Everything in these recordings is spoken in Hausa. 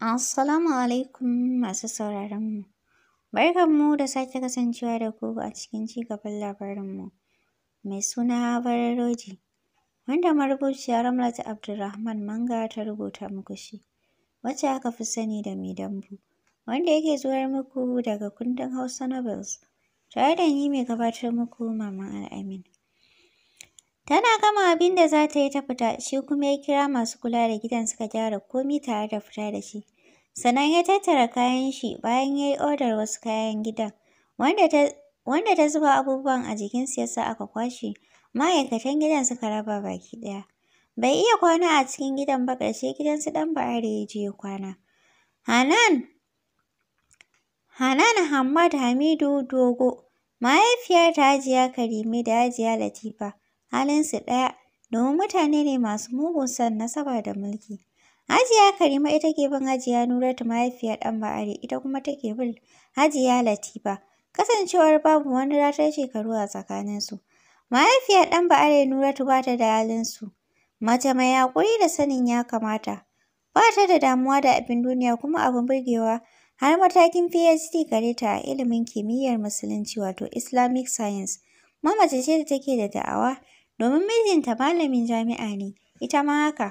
Assalamu alaikum masu sauraronmu. Barkanmu da sake kasancewa da ku a cikin cigaban labarinmu mai suna Barar Roji, wanda marubuciya Ramlat Abdulrahman Manga ta rubuta muku shi, wacce aka fi sani da mai dambu, wanda yake zuwar muku daga kundin Hausa Novels, tare da ni mai gabatar muku Maman Al-Amin. Tana gama abin da za ta yi ta fita, shi kuma ya kira masu kula da gidan suka gyara komi tare da fita da shi. Sannan ya tattara kayan shi bayan ya yi odar wasu kayan gidan, wanda ta, wanda zuba abubuwan a jikin ya sa aka kwashe, ma'aikatan gidan suka raba baki ɗaya. Bai iya kwana a cikin gidan ba ƙarshe gidan su ɗan ba'ari ya je ya kwana. Hanan Hanan Hamad Hamidu Dogo, mahaifiyar ta Hajiya Karime da Hajiya Latifa. halinsu ɗaya domin mutane ne masu mugun son nasaba da mulki. Hajiya Karima ita ke bin Hajiya Nuratu mahaifiyar ɗan Ba'ari ita kuma take bin Hajiya Latifa. Kasancewar babu wani ratar shekaru a tsakaninsu. Mahaifiyar ɗan Ba'ari Nuratu ba ta da halinsu. Mace mai haƙuri da sanin ya kamata. Ba ta da damuwa da abin duniya kuma abin burgewa har matakin PhD gare ta a ilimin kimiyyar Musulunci wato Islamic Science. Mamace ce da take da da'awa domin mijinta malamin jami'a ne, ita ma haka.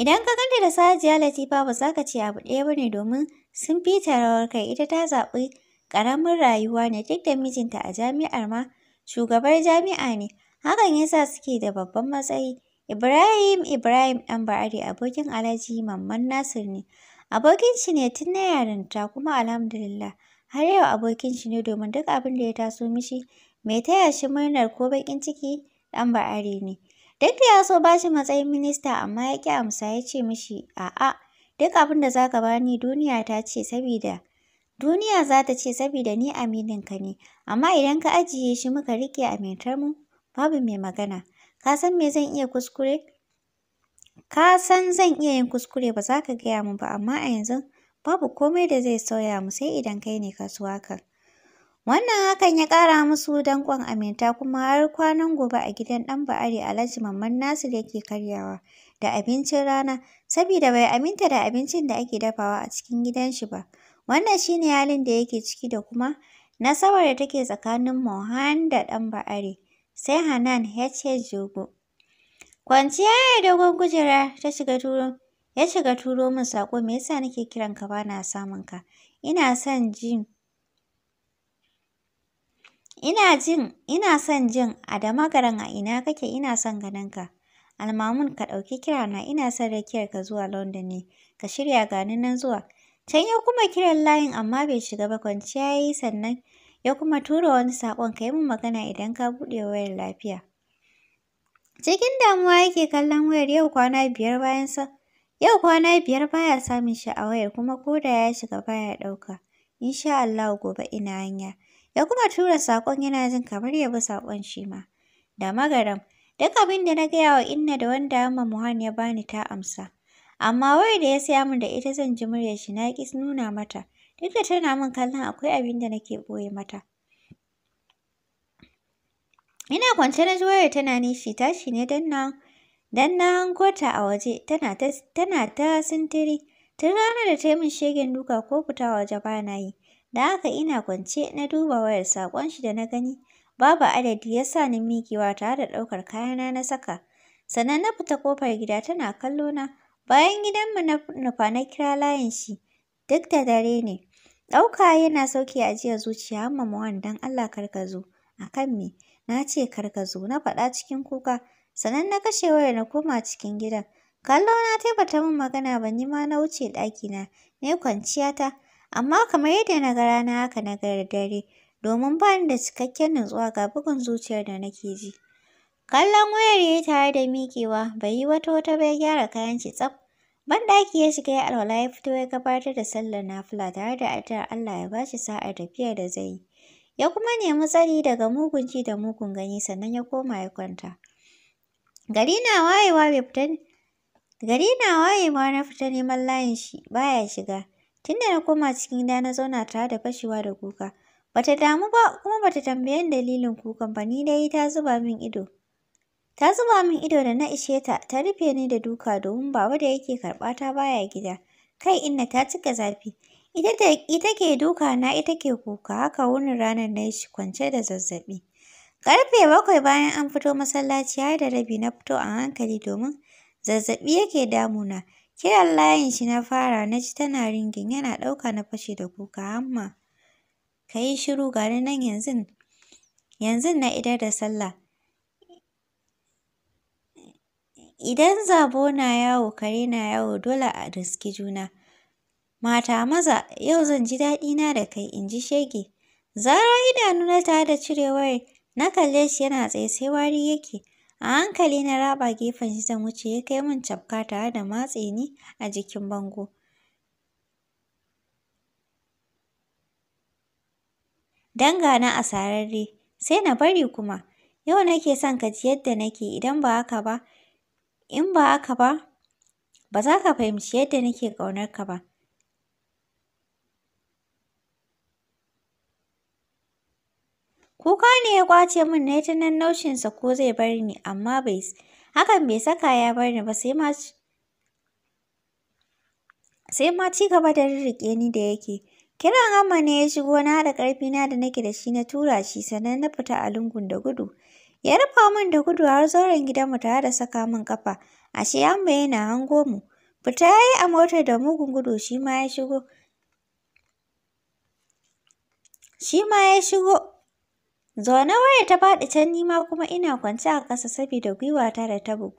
Idan ka kanta da Sajiya Latifa ba za ka ce abu ɗaya ba ne domin sun fi ta rawar kai ita ta zaɓi ƙaramin rayuwa ne duk da mijinta a jami'ar ma shugabar jami'a ne, hakan ya sa suke da babban matsayi. Ibrahim Ibrahim ɗan Ba'ari abokin Alhaji Mamman Nasir ne. Abokin shi ne tun na yarinta kuma alhamdulillah har yau abokin shi ne domin duk abin da ya taso mishi mai taya shi murnar ko baƙin ciki ɗan ba'ari ne. Duk da ya so ba shi matsayin minista amma ya ƙi amsa ya ce mishi a'a duk abin da za ka bani duniya ta ce sabida duniya za ta ce sabida ni amininka ne amma idan ka ajiye shi muka riƙe amintar mu babu mai magana. Ka san me zan iya kuskure? Ka san zan iya yin kuskure ba za ka gaya min ba amma a yanzu babu komai da zai sauya mu sai idan kai ne kasuwa kan. Wannan hakan ya ƙara musu danƙon aminta kuma har kwanan gobe a gidan ɗan ba'ari Alhaji Mamman Nasir yake karyawa da abincin rana, saboda bai aminta da abincin da ake dafawa a cikin gidan shi ba. Wannan shi ne halin da yake ciki da kuma nasabar da take tsakanin Mohan da ɗan ba'ari, sai Hanan H.H. Jogo. Kwanciya ya dogon kujera ta shiga turo, ya shiga turo min saƙo me yasa nake kiranka ka bana samun ka, ina son jin Ina jin, ina son jin a damagaran a ina kake ina son ganin ka. Almamun ka ɗauki kira na ina son rakiyar ka zuwa London ne, ka shirya gani nan zuwa. Can ya kuma kiran layin amma bai shiga ba kwanciya ya yi sannan ya kuma tura wani saƙon ka yi min magana idan ka buɗe wayar lafiya. Cikin damuwa yake kallon wayar yau kwana biyar bayan sa yau kwana biyar baya samun shi a wayar kuma ko da ya shiga baya ɗauka. Insha Allahu gobe ina hanya. da kuma tura sakon yana jin kamar ya bi sakon shi ma. Da magaram, duk abin da na gaya wa Inna da wanda Amma Muhan ya bani ta amsa. Amma wai da ya saya min da ita zan ji muryar shi na ƙi nuna mata. Duk da tana min kallon akwai abin da nake ɓoye mata. Ina kwance na ji wayar tana shi tashi ne don na don na hango a waje tana tana ta sintiri Tun ranar da ta yi min shegen duka ko fita waje ba na yi. Da haka ina kwance na duba wayar saƙon shi da na gani. Babu adadi ya sa ni miƙewa tare da ɗaukar kayana na saka. Sannan na fita kofar gida tana kallo na. Bayan gidanmu na nufa na kira layin shi. Duk da dare ne. Ɗauka yana sauke ajiyar zuciya amma Mawan don Allah kar ka zo. A kan me? Na ce kar ka zo. Na faɗa cikin kuka. Sannan na kashe wayar na koma cikin gidan. Kallo na tai bata min magana ba yi ma na wuce ɗaki na kwanciya ta. Amma kamar yadda na ga rana haka na ga dare domin ba ni da cikakken nutsuwa ga bugun zuciyar da nake ji. Kallon wayar ya yi tare da miƙewa bai yi wata wata ba ya gyara kayan shi tsaf. Banɗaki ya shiga ya alwala ya fito ya gabatar da sallar nafila tare da addu'ar Allah ya ba shi sa'ar tafiyar da zai yi. Ya kuma nemi tsari daga mugun ji da mugun gani sannan ya koma ya kwanta. Gari na wayewa bai fita Gari na waye wayewa na fita neman layin shi, baya shiga. Tunda na koma cikin gida na zauna tare da fashewa da kuka. Bata damu ba kuma bata tambayan ni dalilin kukan ba, ni dai ta zuba min ido. Ta zuba min ido da na ishe ta, ta rufe ni da duka domin baba da yake karɓa ta baya gida. Kai inna ta cika zafi. Ita ita ke duka na ita ke kuka, haka wurin ranar na shi kwance da zazzabi karfe bakwai bayan an fito masallaci har da rabi na fito a hankali domin zazzaɓi yake damuna. Kiran layin shi na fara na ji tana ringin yana ɗauka na fashe da kuka hamma. Ka yi shiru ga nan yanzu yanzu na idar da sallah. Idan zabo na yawo kare na yawo dole a riski juna. Mata maza yau zan ji daɗina da kai in ji shege. zara idanu na ta da cirewar na kalle shi yana tsaye sai wari yake. A hankali na raba gefen shi zan wuce ya kai min cafka tare da matse ni a jikin bango. Danga na a sararre, sai na bari kuma. Yau nake son ka ji yadda nake idan ba haka ba, in ba haka ba, ba za ka fahimci yadda nake ƙaunar ka ba. Kuka ne ya kwace min na yi nan naushinsa ko zai bar ni, amma bai hakan bai saka ya bar ni ba sai ma sai ma ci gaba da rirriƙe ni da yake. Kiran Amma ne ya shigo na haɗa na da nake da shi na tura shi sannan na fita a lungun da gudu. Ya rufa min da gudu har zauren gidanmu tare da saka min kafa, ashe Amma yana hango mu. Fita ya yi a motar da mugun gudu shi ma ya shigo. Shi ma ya shigo. Zaune waya ta faɗi can nima kuma ina kwance a ƙasa saboda gwiwa ta da ta bugu.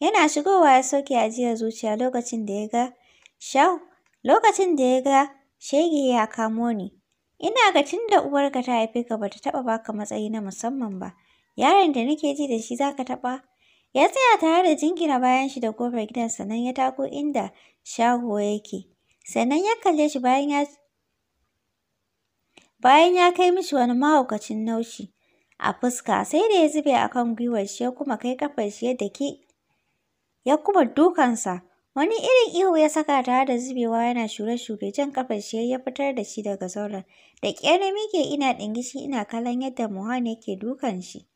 Yana shigowa ya soke ajiyar zuciya lokacin da ya ga shau lokacin da ya ga shege ya kamo ni. Ina ga tun da uwarka ta haife ka bata taɓa baka matsayi na musamman ba. Yaron da nake ji da shi za ka taɓa? Ya tsaya tare da jingina bayan shi da ƙofar gidan sannan ya taho inda shago yake. Sannan ya kalle shi bayan ya bayan ya kai mishi wani mahaukacin naushi a fuska sai da ya zube a kan gwiwar shi ya kuma kai kafar shi yadda ke ya kuma dukansa wani irin ihu ya saka ta da zubewa yana shure-shure jan kafar shi ya fitar da shi daga zauren da kyanar mike ina ɗingishi ina kalan yadda muhan yake dukan shi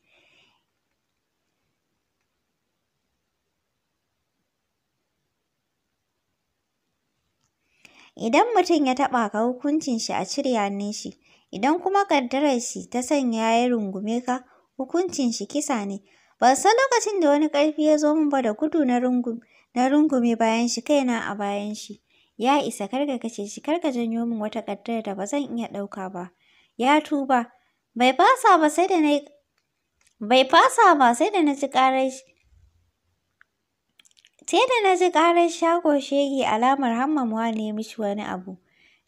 idan mutum ya taɓa ka hukuncin shi a cire hannun shi Idan kuma ƙaddarar shi ta sanya ya rungume ka, hukuncin shi kisa ne. Ban san lokacin da wani ƙarfi ya zo min ba da gudu na rungume bayan shi kaina a bayan shi. Ya isa kar kace shi kar janyo min wata ƙaddara, da ba zan iya ɗauka ba. Ya tuba. Bai fasa ba sai da na bai fasa ba sai da na ji ƙarar sai da na ji shago shege alamar hammamuwa ne mishi wani abu.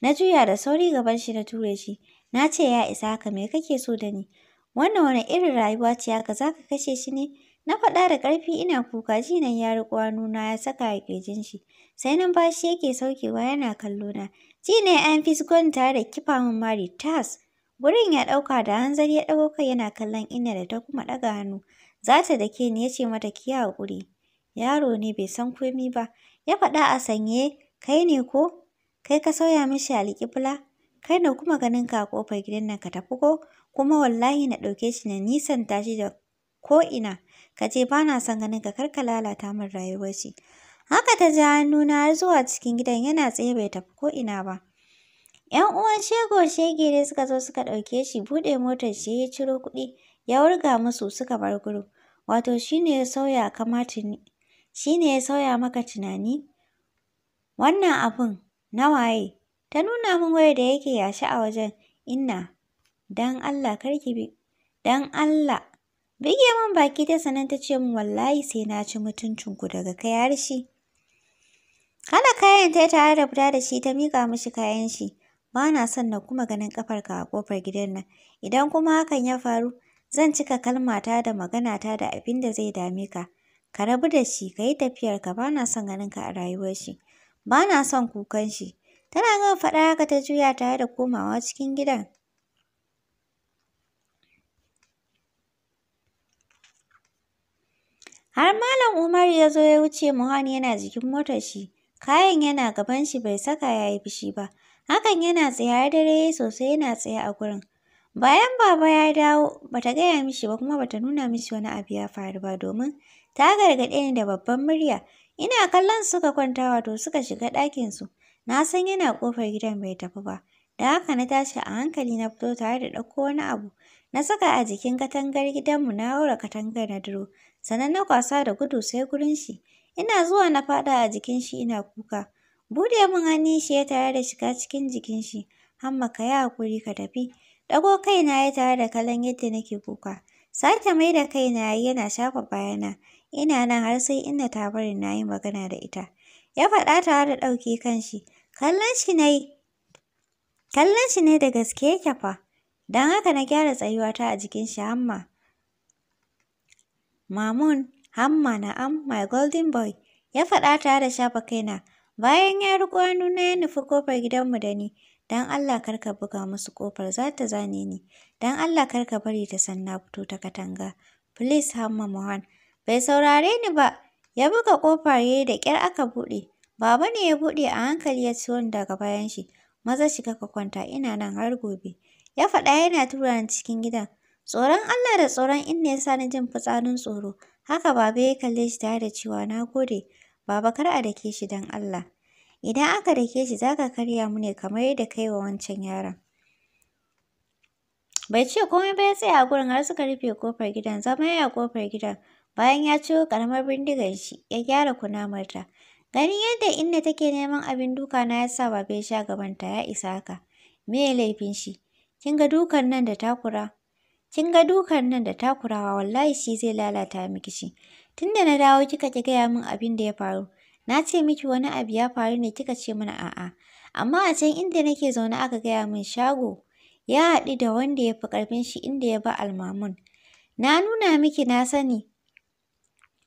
Na juya da sauri gaban shi na ture shi. Na ce ya isa haka me kake so da ni? Wannan wani irin rayuwa ce haka za ka kashe shi ne? Na faɗa da ƙarfi ina kuka ji nan ya riƙo nuna ya saka a ƙirjin shi. Sai bashi yake saukewa yana kallo na. Ji ne an fisgon tare da kifa min mari tas. Gurin ya ɗauka da hanzari ya ɗago kai yana kallon ina da ta kuma ɗaga hannu. Za ta ke ni ya ce mata ki yi haƙuri. Yaro ne bai san komi ba. Ya faɗa a sanye kai ne ko? kai ka sauya mishi alƙibla kai na kuma ganin ka kofar gidan nan ka tafi ko kuma wallahi na ɗauke shi na nisan tashi da ko'ina ka je ba na son ganin ka kar ka lalata min rayuwar shi haka ta ja hannuna har zuwa cikin gidan yana tsaye bai tafi ko'ina ba ‘yan uwan shego shege ne suka zo suka ɗauke shi buɗe motar shi ya ciro kuɗi ya wurga musu suka bar guru wato shine ya sauya shine ya sauya maka tunani wannan abun. Na waye? Ta nuna min wayar da yake yashi a wajen. Inna, dan Allah kar ki bi. Dan Allah. Bige min baki ta sanan ta ce min wallahi sai na ci mutuncin ku daga kai har shi. Hana kayan ta tare da fita da shi ta miƙa mishi kayan shi. Ba na son na kuma ganin ƙafarka a ƙofar gidan nan. Idan kuma hakan ya faru, zan cika kalmata da maganata da abin da zai dame ka. Ka rabu da shi, ka yi tafiyarka, ba na son ganinka a rayuwar shi. Ba na son kukan shi. Tana gama faɗa haka ta juya tare da komawa cikin gidan. Har Malam Umar ya zo ya wuce muhan yana jikin motar shi. Kayan yana gaban shi bai saka ya yi fushi ba. Hakan yana tsaye har dare sosai yana tsaye a gurin. Bayan baba ya dawo, bata gaya mishi ba kuma bata nuna mishi wani abu ya faru ba domin ta gargaɗe ni da babban murya Ina kallon suka kwanta wato suka shiga ɗakinsu. Na san yana ƙofar gidan bai tafi ba. Da haka na tashi a hankali na fito tare da ɗauko wani abu. Na saka a jikin katangar gidanmu na haura katangar na duro. Sannan na kwasa da gudu sai gurin shi. Ina zuwa na faɗa a jikin shi ina kuka. Buɗe mun hannu shi ya tare da shiga cikin jikin shi. Hamma ka yi haƙuri ka tafi. Ɗago kaina ya tare da kallon yadda nake kuka. Sake mai da kaina yana shafa bayana. Ina nan har sai na ta bari na yi magana da ita. Ya faɗa tare da ɗauke kanshi. Kallon shi ne da gaske yake fa. Don haka na gyara tsayuwata a jikin shi hamma. Mamun, hamma na am my golden boy. Ya faɗa tare da shafa kaina. Bayan ya riƙo hannuna ya nufi kofar gidanmu da ni. Don Allah kar buga musu kofar za ta zane ni. Don Allah karka bari ta san fito ta katanga. Please hamma Mohan. Bai saurare ni ba, ya buga ƙofar yayi da ƙyar aka buɗe. Baba ne ya buɗe a hankali ya ci daga bayan shi. Maza shi ka kwanta ina nan har gobe. Ya faɗa yana tura ni cikin gidan. Tsoron Allah da tsoron inna ya sa ni jin fitsarin tsoro. Haka baba ya kalle shi tare da cewa na gode. Baba kar a dake shi dan Allah. Idan aka dake shi zaka karya mu ne kamar yadda kai wa wancan yaron. Bai ce komai ba ya tsaya a gurin har suka rufe kofar gidan, zama ya kofar gidan. Bayan ya ciro ƙaramar bindigar shi, ya gyara kunamarta. Ganin yadda inna take neman abin duka na ya sa baba ya sha gabanta ya isa haka. Me ya laifin shi? Kin ga dukan nan da takura? Kin ga dukan nan da takurawa wallahi shi zai lalata miki shi. Tunda na dawo kika ki gaya min abin da ya faru. Na ce miki wani abu ya faru ne kika ce mana a'a. Amma a can inda nake zaune aka gaya min shago ya haɗu da wanda ya fi ƙarfin shi inda ya ba almamun. Na nuna miki na sani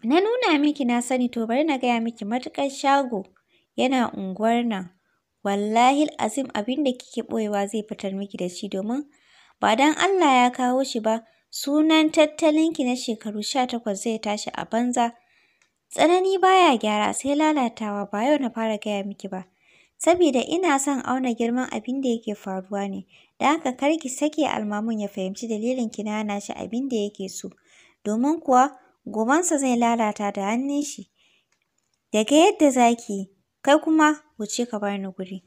Na nuna miki na sani to bari na gaya miki matuƙar shago yana unguwar nan. Wallahi azim abin da kike ɓoyewa zai fitar miki da shi domin ba dan Allah ya kawo shi ba sunan tattalinki na shekaru sha takwas zai tashi a banza. Tsanani baya gyara sai lalatawa ba yau na fara gaya miki ba. Sabida ina son auna girman abin da yake faruwa ne, da haka kar ki sake almamun ya fahimci dalilin ki na hana shi abin da yake so. Domin kuwa gobansa zai lalata da hannun shi. Daga yadda zaki yi, kai kuma wuce ka bar ni guri.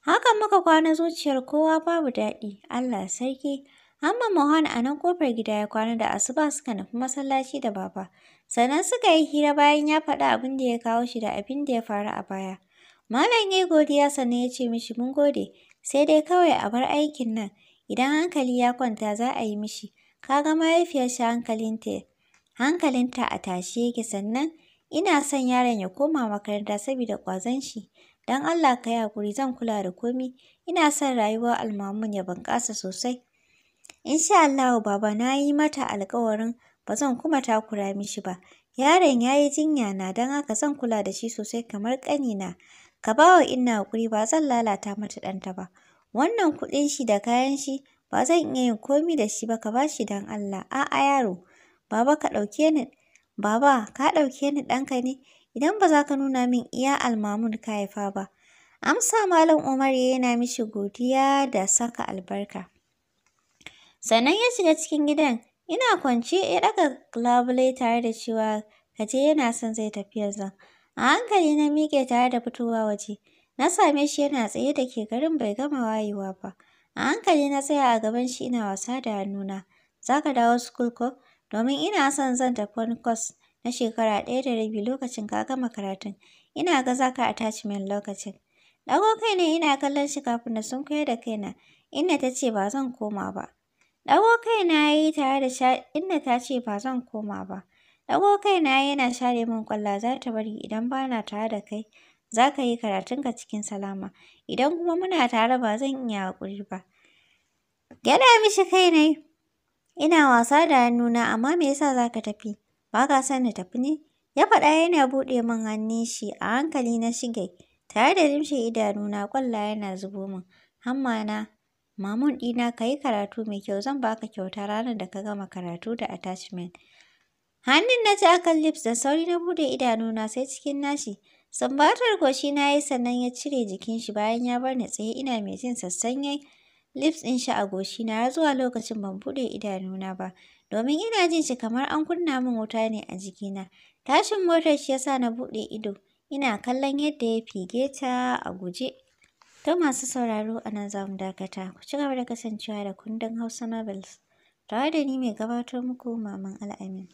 haka muka kwana zuciyar kowa babu daɗi, Allah sarki. Amma Mohan a nan kofar gida ya kwana da asuba suka nufi masallaci da baba. Sannan suka yi hira bayan ya faɗi abin da ya kawo shi da abin da ya faru a baya. Malam ya yi godiya sannan ya ce mishi mun gode, sai dai kawai a bar aikin nan. Idan hankali ya kwanta za a yi mishi. Ka ga shi hankalinta hankalinta a tashe yake sannan ina son yaron ya koma makaranta saboda ƙwazon shi. Don Allah ka yi hakuri zan kula da komi. Ina son rayuwar almamun ya bunƙasa sosai. Insha Allahu baba na yi mata alƙawarin ba zan kuma takura mishi ba. Yaron ya yi jinya na don haka zan kula da shi sosai kamar ƙanina. Ka ba wa inna hakuri, ba zan lalata mata ɗanta ba. Wannan kuɗin shi da kayan shi ba zan iya yin komi da shi ba ka ba shi don Allah. A'a yaro. Baba ka ɗauke ni Baba ka ɗauke ni ɗanka ne idan ba za ka nuna min iya almamun ka haifa ba. Amsa Malam Umar ya yana mishi godiya da saka albarka. Sannan ya shiga cikin gidan ina kwance ya ɗaga labule tare da cewa kaje yana son zai tafi yanzu. A hankali na miƙe tare da fitowa waje. Na same shi yana tsaye da ke garin bai gama wayewa ba. A hankali na tsaya a gaban shi ina wasa da hannuna. Za ka dawo sukul ko? domin ina son zan tafi wani kwas na shekara ɗaya da rabi lokacin ka gama karatun. Ina ga za ka attachment lokacin. Ɗago kaina ina kallon shi kafin na sunkuyar da kaina, Inna ta ce ba zan koma ba. Ɗago kai na yi tare da sha inda ta ce ba zan koma ba. Ɗago yana share min kwalla za ta bari idan ba na tare da kai. Za ka yi karatunka cikin salama. Idan kuma muna tare ba zan iya haƙuri ba. Gyaɗa mishi kai na Ina wasa da hannuna amma me yasa za ka tafi? Ba ka son na tafi ne? Ya faɗa yana buɗe min hannun shi a hankali na shige. Tare da limshe idanuna ƙwalla yana zubo min. Hamma na, mamun ɗina ka yi karatu mai kyau zan baka kyauta ranar da ka gama karatu da attachment. Hannun na ji akan lips da sauri na buɗe idanuna sai cikin nashi. Sumbatar goshi na yi sannan ya cire jikin shi bayan ya bar ni tsaye ina mai jin sassanyai. lips ɗin shi a goshina har zuwa lokacin ban buɗe idanuna ba domin ina jin shi kamar an kunna min wuta ne a jikina. Tashin motar shi yasa na buɗe ido ina kallon yadda ya fige ta a guje. Ta masu sauraro a nan za dakata ku ci gaba da kasancewa da kundin Hausa Novels tare da ni mai gabatar muku Maman Al'amin.